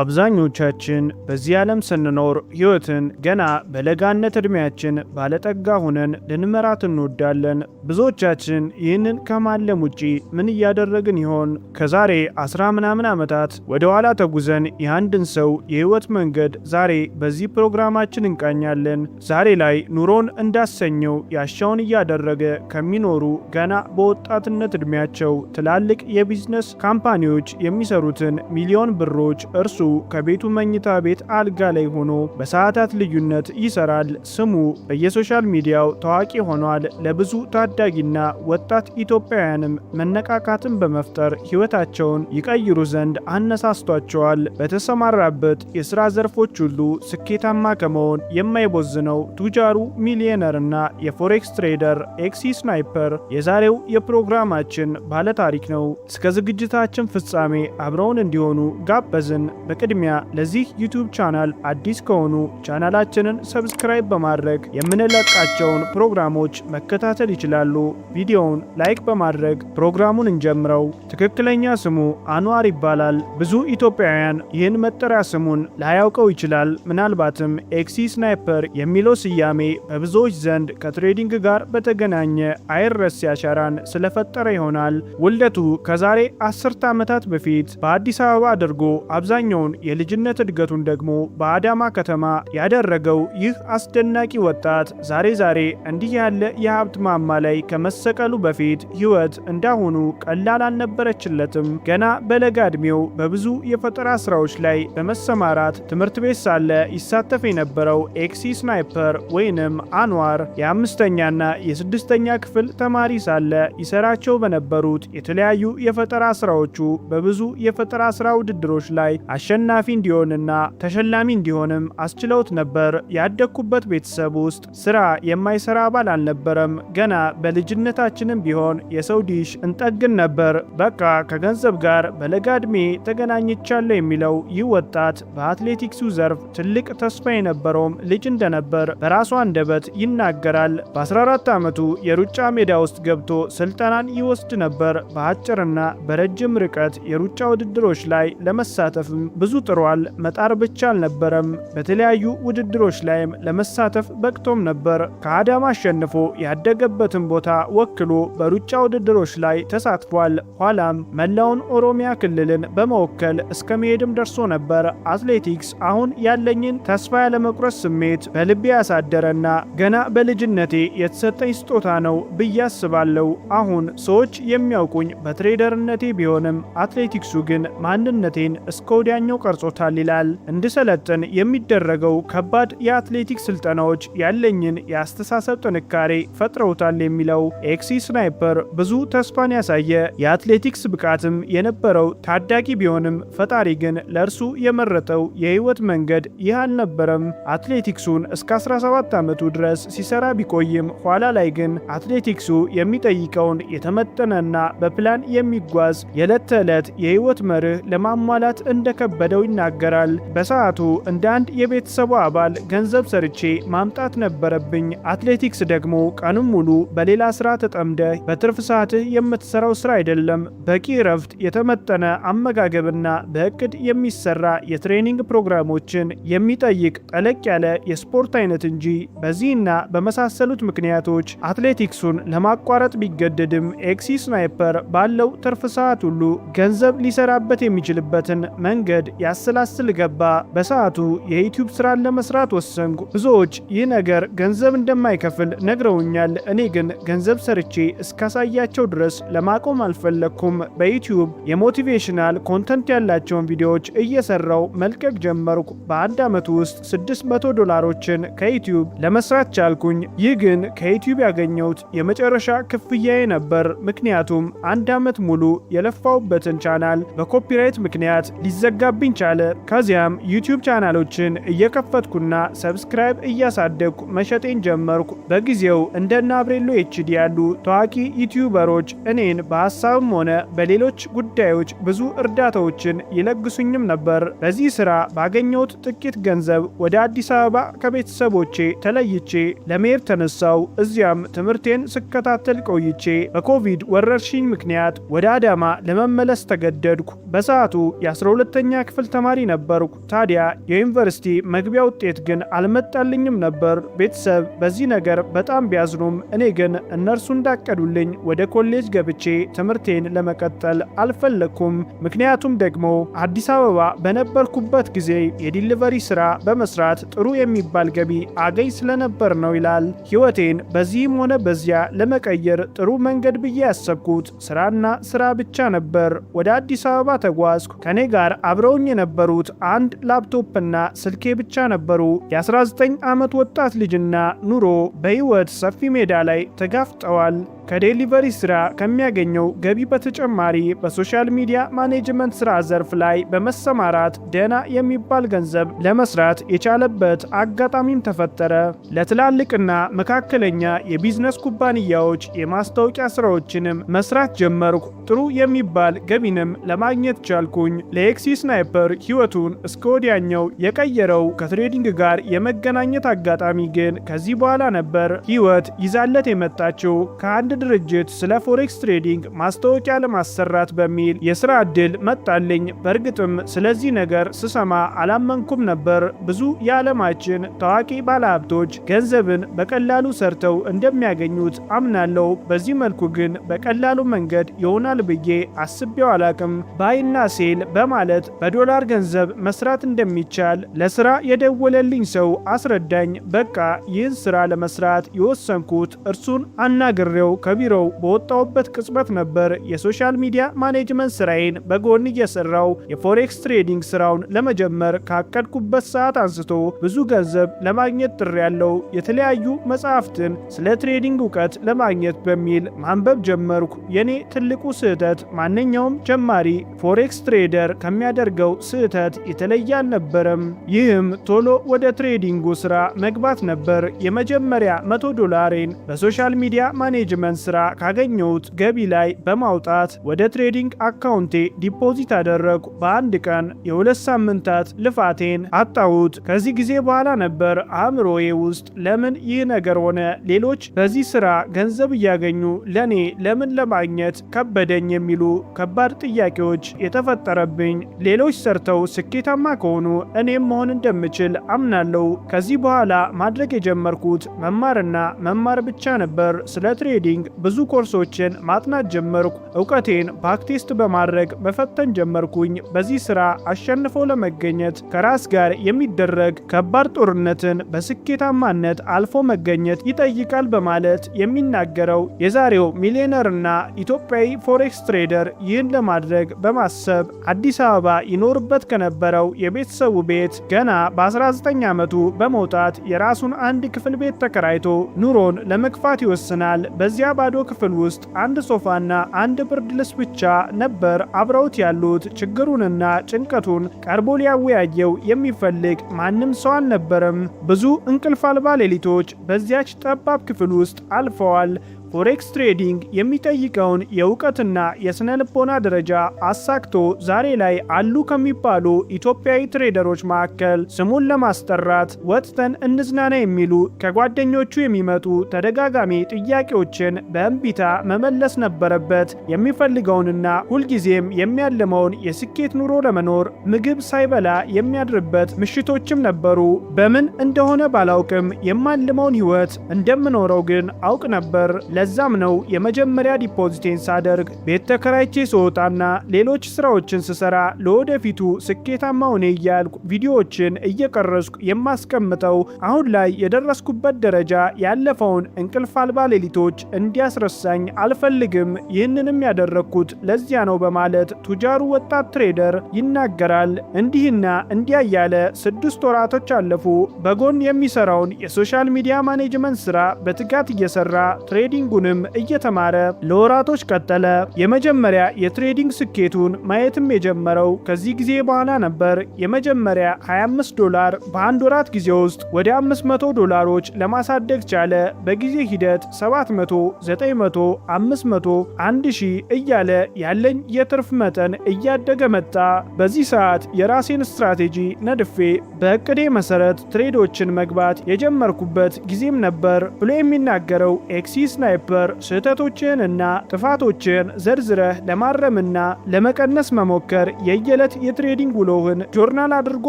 አብዛኞቻችን በዚህ ዓለም ስንኖር ሕይወትን ገና በለጋነት ዕድሜያችን ባለጠጋ ሆነን ልንመራት እንወዳለን። ብዙዎቻችን ይህንን ከማለም ውጪ ምን እያደረግን ይሆን? ከዛሬ አስራ ምናምን ዓመታት ወደ ኋላ ተጉዘን የአንድን ሰው የሕይወት መንገድ ዛሬ በዚህ ፕሮግራማችን እንቃኛለን። ዛሬ ላይ ኑሮን እንዳሰኘው ያሻውን እያደረገ ከሚኖሩ ገና በወጣትነት ዕድሜያቸው ትላልቅ የቢዝነስ ካምፓኒዎች የሚሰሩትን ሚሊዮን ብሮች እርሱ ከቤቱ መኝታ ቤት አልጋ ላይ ሆኖ በሰዓታት ልዩነት ይሰራል። ስሙ በየሶሻል ሚዲያው ታዋቂ ሆኗል። ለብዙ ታዳጊና ወጣት ኢትዮጵያውያንም መነቃቃትን በመፍጠር ሕይወታቸውን ይቀይሩ ዘንድ አነሳስቷቸዋል። በተሰማራበት የሥራ ዘርፎች ሁሉ ስኬታማ ከመሆን የማይቦዝነው ቱጃሩ ሚሊዮነርና የፎሬክስ ትሬደር ኤክሲ ስናይፐር የዛሬው የፕሮግራማችን ባለታሪክ ነው። እስከ ዝግጅታችን ፍጻሜ አብረውን እንዲሆኑ ጋበዝን። በቅድሚያ ለዚህ ዩቱብ ቻናል አዲስ ከሆኑ ቻናላችንን ሰብስክራይብ በማድረግ የምንለቃቸውን ፕሮግራሞች መከታተል ይችላሉ። ቪዲዮውን ላይክ በማድረግ ፕሮግራሙን እንጀምረው። ትክክለኛ ስሙ አንዋር ይባላል። ብዙ ኢትዮጵያውያን ይህን መጠሪያ ስሙን ላያውቀው ይችላል። ምናልባትም ኤክሲ ስናይፐር የሚለው ስያሜ በብዙዎች ዘንድ ከትሬዲንግ ጋር በተገናኘ አይረስ አሻራን ስለፈጠረ ይሆናል። ውልደቱ ከዛሬ አስርተ ዓመታት በፊት በአዲስ አበባ አድርጎ አብዛኛው ሁለተኛውን የልጅነት እድገቱን ደግሞ በአዳማ ከተማ ያደረገው ይህ አስደናቂ ወጣት ዛሬ ዛሬ እንዲህ ያለ የሀብት ማማ ላይ ከመሰቀሉ በፊት ህይወት እንዳሁኑ ቀላል አልነበረችለትም። ገና በለጋ ዕድሜው በብዙ የፈጠራ ስራዎች ላይ በመሰማራት ትምህርት ቤት ሳለ ይሳተፍ የነበረው ኤክሲ ስናይፐር ወይንም አንዋር የአምስተኛና የስድስተኛ ክፍል ተማሪ ሳለ ይሰራቸው በነበሩት የተለያዩ የፈጠራ ስራዎቹ በብዙ የፈጠራ ስራ ውድድሮች ላይ አሸናፊ እንዲሆንና ተሸላሚ እንዲሆንም አስችለውት ነበር። ያደግኩበት ቤተሰብ ውስጥ ስራ የማይሰራ አባል አልነበረም። ገና በልጅነታችንም ቢሆን የሰው ዲሽ እንጠግን ነበር። በቃ ከገንዘብ ጋር በለጋ ዕድሜ ተገናኝቻለሁ የሚለው ይህ ወጣት በአትሌቲክሱ ዘርፍ ትልቅ ተስፋ የነበረውም ልጅ እንደነበር በራሱ አንደበት ይናገራል። በ14 ዓመቱ የሩጫ ሜዳ ውስጥ ገብቶ ስልጠናን ይወስድ ነበር። በአጭርና በረጅም ርቀት የሩጫ ውድድሮች ላይ ለመሳተፍም ብዙ ጥሯል። መጣር ብቻ አልነበረም፣ በተለያዩ ውድድሮች ላይም ለመሳተፍ በቅቶም ነበር። ከአዳማ አሸንፎ ያደገበትን ቦታ ወክሎ በሩጫ ውድድሮች ላይ ተሳትፏል። ኋላም መላውን ኦሮሚያ ክልልን በመወከል እስከ መሄድም ደርሶ ነበር። አትሌቲክስ አሁን ያለኝን ተስፋ ያለመቁረስ ስሜት በልቤ ያሳደረና ገና በልጅነቴ የተሰጠኝ ስጦታ ነው ብዬ አስባለሁ። አሁን ሰዎች የሚያውቁኝ በትሬደርነቴ ቢሆንም አትሌቲክሱ ግን ማንነቴን እስከ ወዲያኛ በአብዛኛው ቀርጾታል ይላል። እንድሰለጥን የሚደረገው ከባድ የአትሌቲክስ ስልጠናዎች ያለኝን የአስተሳሰብ ጥንካሬ ፈጥረውታል የሚለው ኤክሲ ስናይፐር ብዙ ተስፋን ያሳየ የአትሌቲክስ ብቃትም የነበረው ታዳጊ ቢሆንም ፈጣሪ ግን ለእርሱ የመረጠው የህይወት መንገድ ይህ አልነበረም። አትሌቲክሱን እስከ 17 ዓመቱ ድረስ ሲሰራ ቢቆይም ኋላ ላይ ግን አትሌቲክሱ የሚጠይቀውን የተመጠነና በፕላን የሚጓዝ የዕለት ተዕለት የህይወት መርህ ለማሟላት እንደከበ እንደከበደው ይናገራል። በሰዓቱ እንደ አንድ የቤተሰቡ አባል ገንዘብ ሰርቼ ማምጣት ነበረብኝ። አትሌቲክስ ደግሞ ቀኑን ሙሉ በሌላ ስራ ተጠምደህ በትርፍ ሰዓትህ የምትሰራው ስራ አይደለም። በቂ እረፍት፣ የተመጠነ አመጋገብና በእቅድ የሚሰራ የትሬኒንግ ፕሮግራሞችን የሚጠይቅ ጠለቅ ያለ የስፖርት አይነት እንጂ በዚህና በመሳሰሉት ምክንያቶች አትሌቲክሱን ለማቋረጥ ቢገደድም ኤክሲ ስናይፐር ባለው ትርፍ ሰዓት ሁሉ ገንዘብ ሊሰራበት የሚችልበትን መንገድ መንገድ ያሰላስል ገባ። በሰዓቱ የዩቲዩብ ስራን ለመስራት ወሰንኩ። ብዙዎች ይህ ነገር ገንዘብ እንደማይከፍል ነግረውኛል። እኔ ግን ገንዘብ ሰርቼ እስካሳያቸው ድረስ ለማቆም አልፈለግኩም። በዩቲዩብ የሞቲቬሽናል ኮንተንት ያላቸውን ቪዲዮዎች እየሰራው መልቀቅ ጀመርኩ። በአንድ ዓመት ውስጥ 600 ዶላሮችን ከዩቲዩብ ለመስራት ቻልኩኝ። ይህ ግን ከዩቲዩብ ያገኘሁት የመጨረሻ ክፍያዬ ነበር። ምክንያቱም አንድ ዓመት ሙሉ የለፋውበትን ቻናል በኮፒራይት ምክንያት ሊዘጋ ሊመጣብኝ ቻለ። ከዚያም ዩቲዩብ ቻናሎችን እየከፈትኩና ሰብስክራይብ እያሳደግኩ መሸጤን ጀመርኩ። በጊዜው እንደና አብሬሎ ኤችዲ ያሉ ታዋቂ ዩቲዩበሮች እኔን በሀሳብም ሆነ በሌሎች ጉዳዮች ብዙ እርዳታዎችን ይለግሱኝም ነበር። በዚህ ስራ ባገኘሁት ጥቂት ገንዘብ ወደ አዲስ አበባ ከቤተሰቦቼ ተለይቼ ለመሄድ ተነሳው። እዚያም ትምህርቴን ስከታተል ቆይቼ በኮቪድ ወረርሽኝ ምክንያት ወደ አዳማ ለመመለስ ተገደድኩ። በሰዓቱ የ12ኛ ክፍል ተማሪ ነበርኩ። ታዲያ የዩኒቨርሲቲ መግቢያ ውጤት ግን አልመጣልኝም ነበር። ቤተሰብ በዚህ ነገር በጣም ቢያዝኑም፣ እኔ ግን እነርሱ እንዳቀዱልኝ ወደ ኮሌጅ ገብቼ ትምህርቴን ለመቀጠል አልፈለግኩም። ምክንያቱም ደግሞ አዲስ አበባ በነበርኩበት ጊዜ የዲሊቨሪ ስራ በመስራት ጥሩ የሚባል ገቢ አገኝ ስለነበር ነው ይላል። ህይወቴን በዚህም ሆነ በዚያ ለመቀየር ጥሩ መንገድ ብዬ ያሰብኩት ስራና ስራ ብቻ ነበር። ወደ አዲስ አበባ ተጓዝኩ። ከኔ ጋር አብረ አብረውኝ የነበሩት አንድ ላፕቶፕና ስልኬ ብቻ ነበሩ። የ19 ዓመት ወጣት ልጅና ኑሮ በሕይወት ሰፊ ሜዳ ላይ ተጋፍጠዋል። ከዴሊቨሪ ስራ ከሚያገኘው ገቢ በተጨማሪ በሶሻል ሚዲያ ማኔጅመንት ስራ ዘርፍ ላይ በመሰማራት ደህና የሚባል ገንዘብ ለመስራት የቻለበት አጋጣሚም ተፈጠረ። ለትላልቅና መካከለኛ የቢዝነስ ኩባንያዎች የማስታወቂያ ስራዎችንም መስራት ጀመርኩ። ጥሩ የሚባል ገቢንም ለማግኘት ቻልኩኝ። ለኤክሲ ስናይፐር ህይወቱን እስከ ወዲያኛው የቀየረው ከትሬዲንግ ጋር የመገናኘት አጋጣሚ ግን ከዚህ በኋላ ነበር ህይወት ይዛለት የመጣችው ከአንድ ድርጅት ስለ ፎሬክስ ትሬዲንግ ማስታወቂያ ለማሰራት በሚል የስራ ዕድል መጣልኝ። በእርግጥም ስለዚህ ነገር ስሰማ አላመንኩም ነበር። ብዙ የዓለማችን ታዋቂ ባለሀብቶች ገንዘብን በቀላሉ ሰርተው እንደሚያገኙት አምናለሁ። በዚህ መልኩ ግን በቀላሉ መንገድ ይሆናል ብዬ አስቤው አላቅም። ባይና ሴል በማለት በዶላር ገንዘብ መስራት እንደሚቻል ለስራ የደወለልኝ ሰው አስረዳኝ። በቃ ይህን ስራ ለመስራት የወሰንኩት እርሱን አናግሬው ከቢሮው በወጣውበት ቅጽበት ነበር የሶሻል ሚዲያ ማኔጅመንት ስራዬን በጎን እየሰራው የፎሬክስ ትሬዲንግ ስራውን ለመጀመር ካቀድኩበት ሰዓት አንስቶ ብዙ ገንዘብ ለማግኘት ጥሪ ያለው የተለያዩ መጽሐፍትን ስለ ትሬዲንግ እውቀት ለማግኘት በሚል ማንበብ ጀመርኩ። የኔ ትልቁ ስህተት ማንኛውም ጀማሪ ፎሬክስ ትሬደር ከሚያደርገው ስህተት የተለየ አልነበረም። ይህም ቶሎ ወደ ትሬዲንጉ ስራ መግባት ነበር። የመጀመሪያ መቶ ዶላሬን በሶሻል ሚዲያ ማኔጅመንት የፍሪላንስ ስራ ካገኘሁት ገቢ ላይ በማውጣት ወደ ትሬዲንግ አካውንቴ ዲፖዚት አደረግኩ። በአንድ ቀን የሁለት ሳምንታት ልፋቴን አጣሁት። ከዚህ ጊዜ በኋላ ነበር አእምሮዬ ውስጥ ለምን ይህ ነገር ሆነ? ሌሎች በዚህ ስራ ገንዘብ እያገኙ ለእኔ ለምን ለማግኘት ከበደኝ? የሚሉ ከባድ ጥያቄዎች የተፈጠረብኝ። ሌሎች ሰርተው ስኬታማ ከሆኑ እኔም መሆን እንደምችል አምናለሁ። ከዚህ በኋላ ማድረግ የጀመርኩት መማርና መማር ብቻ ነበር። ስለ ትሬዲንግ ብዙ ኮርሶችን ማጥናት ጀመርኩ። እውቀቴን ፓክቲስት በማድረግ መፈተን ጀመርኩኝ። በዚህ ስራ አሸንፎ ለመገኘት ከራስ ጋር የሚደረግ ከባድ ጦርነትን በስኬታማነት አልፎ መገኘት ይጠይቃል በማለት የሚናገረው የዛሬው ሚሊዮነርና ኢትዮጵያዊ ፎሬክስ ትሬደር ይህን ለማድረግ በማሰብ አዲስ አበባ ይኖርበት ከነበረው የቤተሰቡ ቤት ገና በ19 ዓመቱ በመውጣት የራሱን አንድ ክፍል ቤት ተከራይቶ ኑሮን ለመግፋት ይወስናል። በዚያ ባዶ ክፍል ውስጥ አንድ ሶፋና አንድ ብርድ ልብስ ብቻ ነበር አብረውት ያሉት። ችግሩንና ጭንቀቱን ቀርቦ ሊያወያየው የሚፈልግ ማንም ሰው አልነበረም። ብዙ እንቅልፍ አልባ ሌሊቶች በዚያች ጠባብ ክፍል ውስጥ አልፈዋል። ፎሬክስ ትሬዲንግ የሚጠይቀውን የእውቀትና የሥነ ልቦና ደረጃ አሳክቶ ዛሬ ላይ አሉ ከሚባሉ ኢትዮጵያዊ ትሬደሮች መካከል ስሙን ለማስጠራት ወጥተን እንዝናና የሚሉ ከጓደኞቹ የሚመጡ ተደጋጋሚ ጥያቄዎችን በእምቢታ መመለስ ነበረበት። የሚፈልገውንና ሁልጊዜም የሚያልመውን የስኬት ኑሮ ለመኖር ምግብ ሳይበላ የሚያድርበት ምሽቶችም ነበሩ። በምን እንደሆነ ባላውቅም የማልመውን ሕይወት እንደምኖረው ግን አውቅ ነበር። ለዛም ነው የመጀመሪያ ዲፖዚቴን ሳደርግ ቤት ተከራይቼ ስወጣና ሌሎች ስራዎችን ስሰራ ለወደፊቱ ስኬታማ ሆኔ እያልኩ ቪዲዮዎችን እየቀረስኩ የማስቀምጠው። አሁን ላይ የደረስኩበት ደረጃ ያለፈውን እንቅልፍ አልባ ሌሊቶች እንዲያስረሳኝ አልፈልግም። ይህንንም ያደረግኩት ለዚያ ነው በማለት ቱጃሩ ወጣት ትሬደር ይናገራል። እንዲህና እንዲያ እያለ ስድስት ወራቶች አለፉ። በጎን የሚሰራውን የሶሻል ሚዲያ ማኔጅመንት ስራ በትጋት እየሰራ ትሬዲንግ ትሬዲንጉንም እየተማረ ለወራቶች ቀጠለ። የመጀመሪያ የትሬዲንግ ስኬቱን ማየትም የጀመረው ከዚህ ጊዜ በኋላ ነበር። የመጀመሪያ 25 ዶላር በአንድ ወራት ጊዜ ውስጥ ወደ 500 ዶላሮች ለማሳደግ ቻለ። በጊዜ ሂደት 700፣ 900፣ 500፣ 1000 እያለ ያለኝ የትርፍ መጠን እያደገ መጣ። በዚህ ሰዓት የራሴን ስትራቴጂ ነድፌ በእቅዴ መሰረት ትሬዶችን መግባት የጀመርኩበት ጊዜም ነበር ብሎ የሚናገረው ኤክሲ ስናይ ሳይበር ስህተቶችን እና ጥፋቶችን ዘርዝረህ ለማረምና ለመቀነስ መሞከር የየዕለት የትሬዲንግ ውሎህን ጆርናል አድርጎ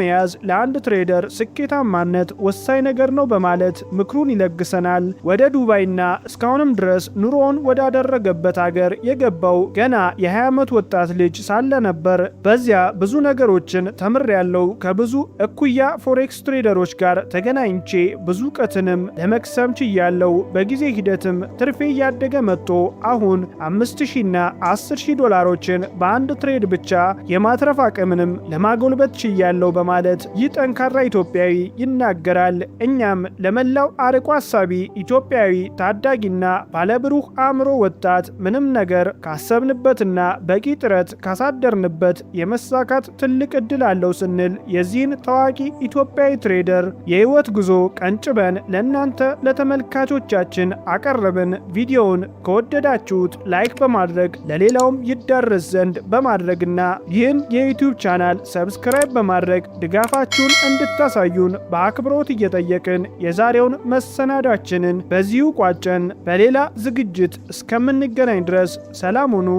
መያዝ ለአንድ ትሬደር ስኬታማነት ወሳኝ ነገር ነው በማለት ምክሩን ይለግሰናል። ወደ ዱባይና እስካሁንም ድረስ ኑሮውን ወዳደረገበት አገር የገባው ገና የ20 ዓመት ወጣት ልጅ ሳለ ነበር። በዚያ ብዙ ነገሮችን ተምሬያለሁ። ከብዙ እኩያ ፎሬክስ ትሬደሮች ጋር ተገናኝቼ ብዙ እውቀትንም ለመቅሰም ችያለሁ። በጊዜ ሂደትም ትርፌ እያደገ መጥቶ አሁን 5000ና 10000 ዶላሮችን በአንድ ትሬድ ብቻ የማትረፍ አቅምንም ለማጎልበት ችያለው በማለት ይህ ጠንካራ ኢትዮጵያዊ ይናገራል። እኛም ለመላው አርቆ አሳቢ ኢትዮጵያዊ ታዳጊና ባለብሩህ አእምሮ ወጣት ምንም ነገር ካሰብንበትና በቂ ጥረት ካሳደርንበት የመሳካት ትልቅ ዕድል አለው ስንል የዚህን ታዋቂ ኢትዮጵያዊ ትሬደር የህይወት ጉዞ ቀንጭበን ለእናንተ ለተመልካቾቻችን አቀረብን። ቪዲዮውን ከወደዳችሁት ላይክ በማድረግ ለሌላውም ይዳረስ ዘንድ በማድረግና ይህን የዩቲዩብ ቻናል ሰብስክራይብ በማድረግ ድጋፋችሁን እንድታሳዩን በአክብሮት እየጠየቅን የዛሬውን መሰናዳችንን በዚሁ ቋጨን። በሌላ ዝግጅት እስከምንገናኝ ድረስ ሰላም ሁኑ።